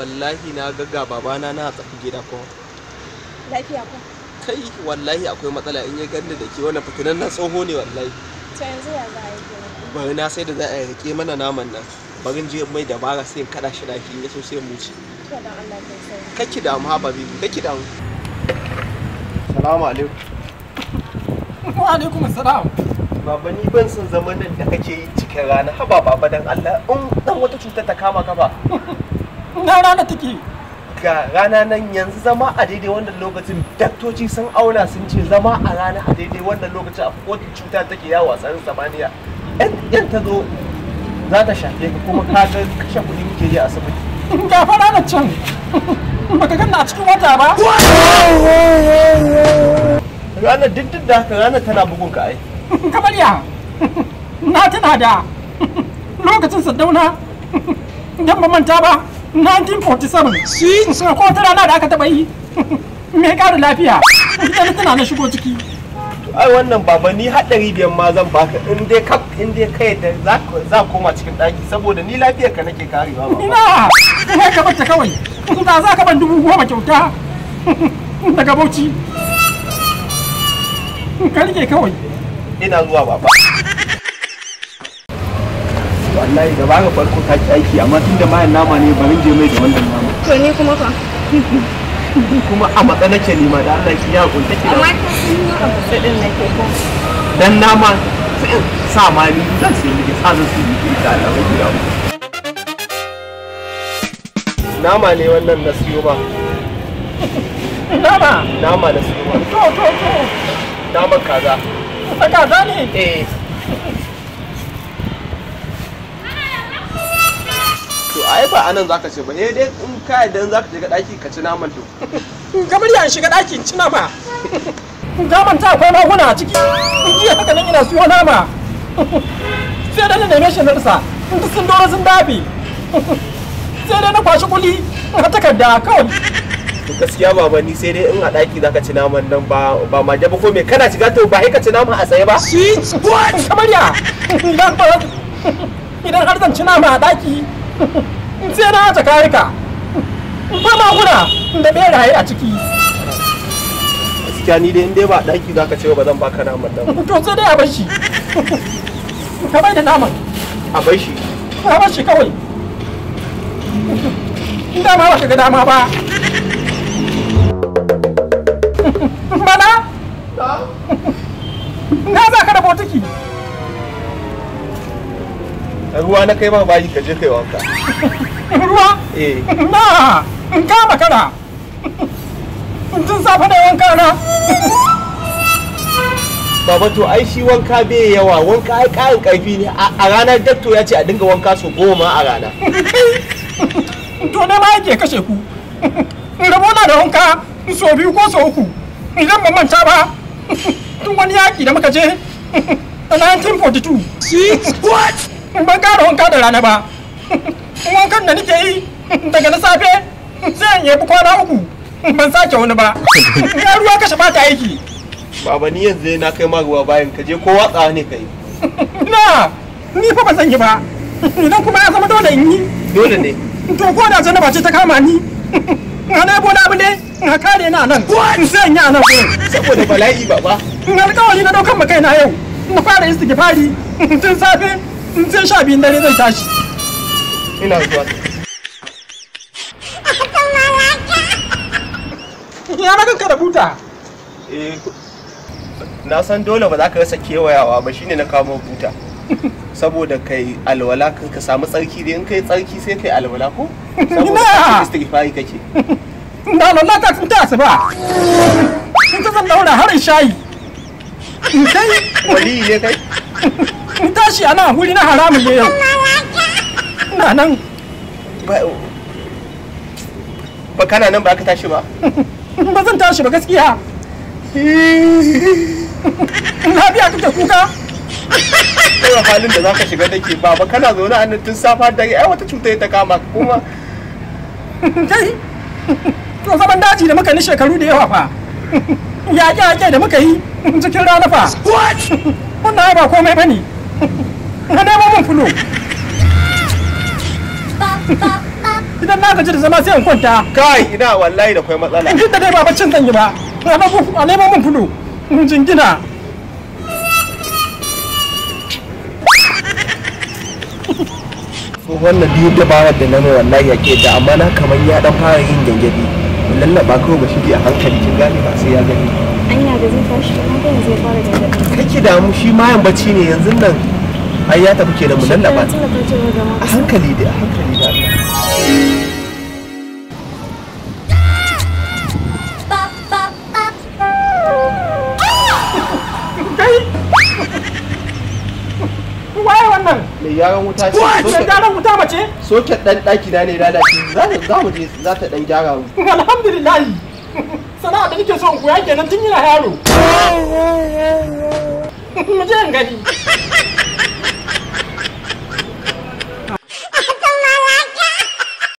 wallahi na ga ga babana na tsafi gida ko lafiya ko kai wallahi akwai matsala in ya ganda da ke wannan fitinan na tsoho ne wallahi to yanzu ya za a yi bari na sai da za a yi rike mana naman nan bari je mai dabara sai kada shi da ya yaso sai mu ci ka kake damu ha babi kake damu assalamu alaikum wa alaikum assalam baba ni ban san zaman nan da kake yi cikin rana haba baba dan Allah in dan wata cuta ta kama ka ba Na rana take ga rana nan yanzu zama a daidai wannan lokacin daktoci sun auna sun ce zama a rana a daidai wannan lokacin a kotun cuta take yawa tsarin samaniya yan ta zo za ta shafe ka kuma ka ga kashe kuɗi muke yi asibiti ga fa ranar can baka ganna a cikin wata ba Rana duk duk da haka rana tana bugun ka ai kamar ya na tana da lokacin sadauna don ba manta ba 1947 shi ko wata rana da aka taba yi me kare lafiya ita tana na shigo ciki ai wannan baba ni haɗari biyan ma zan baka in dai ka in dai kai da za koma cikin ɗaki saboda ni lafiyar ka nake karewa ba ina kai ka bata kawai da za ka ban dubu goma kyauta daga bauchi ka rike kawai ina zuwa baba wallahi da ga farko ta ki aiki amma tunda mayan nama ne bari je mai da wannan nama to ni kuma fa kuma a matsa nake nima da Allah ki ya kunta ki amma ta sun yi abu sadin nake ko dan nama sa ma ni zan sai ni sa zan su yi ta da wani ya nama ne wannan na siyo ba nama nama na siyo ba to to to nama kaza kaza ne eh ai ba anan zaka ce ba eh dai in ka yadda zaka shiga daki ka ci naman to kamar ya shiga daki ci nama ga manta akwai maguna a ciki ji haka nan ina siyo nama sai dai na neme shi na in ta sun dora sun dabi, sai dai na kwashi kuli na takarda kawai to gaskiya baba ni sai dai in a daki zaka ci naman nan ba ba ma ba ko me kana shiga to ba ka ci naman a tsaye ba shi kamar ya idan har zan ci nama a daki in sai na ta karika in fa maguna da da raye a ciki gaskiya ni dai in dai ba daki zaka ce ba zan baka naman nan to sai dai a bar shi ka bai da naman a bar shi a bar shi kawai in dama ba ka ga dama ba bana na za ka da botiki ruwa na kai ma bayi ka je kai wanka ruwa eh na in ka makara tun safe da wanka na baba to ai shi wanka bai yawa wanka ai ƙarin ƙarfi ne a ranar dakto ya ce a dinga wanka so goma a rana to na ma yake kashe ku rabo na da wanka so biyu ko so uku zan ban manta ba tun wani yaƙi da muka je a 1942 what ban ƙara wanka da rana ba wankan da nake yi daga na safe zan yabi kwana uku ban sake wani ba ya ruwa kashe bata aiki baba ni yanzu na kai ma ruwa bayan ka je ko watsa ne kai na ni fa ba san yi ba idan kuma ya zama dole in yi dole ne to ko da zanaba ce ta kama ni ana na abu ne na kare na nan in sai in yi a nan saboda bala'i baba alƙawari na daukan ma yau na fara istighfari tun safe in sai sha biyun dare zai tashi ina zuwa ya na kanka rubuta eh, na san dole ba za ka rasa kewayawa ba shine na kamo buta saboda kai alwala ka samu tsarki da in kai tsarki sai kai alwala ko saboda kai istighfari kake da alwala ta tun su ba. in ta zan daura harin shayi in kai wali ne kai in tashi ana wuri na haramun ne yau ina nan ba kana nan ba ka tashi ba ba zan tashi ba gaskiya lafiya kake kuka yawan halin da zaka shiga dake ba ba kana zaune a nan tun safa dare ai wata cuta ta kama kuma kai to zaman daji da muka ni shekaru da yawa fa yaƙe-yaƙe da muka yi cikin rana fa wannan ba komai bane ka nemo min fulo idan na gaji da zama sai in kwanta kai ina wallahi da kwai matsala in da dai ba baccin zan yi ba a nemo min fulo in jingina tsohon na biyu da bawa da na mai wallahi ya ke da amma na kamar ya dan fara yin gyangyaɗi lallaba kawai ba shi a hankali kin gane ba sai ya gani anya da zai tashi ba ga zai fara da kake damu shi ma yan bacci ne yanzu nan ai ya tafi da mu lallaba a hankali da a hankali da mai gyaran wuta ce ko gyaran wuta mace soket dan daki da ne lalace za ta za mu je za ta dan gyara mu alhamdulillah sana'a da nake so in koya kenan tun yana yaro mu je in gani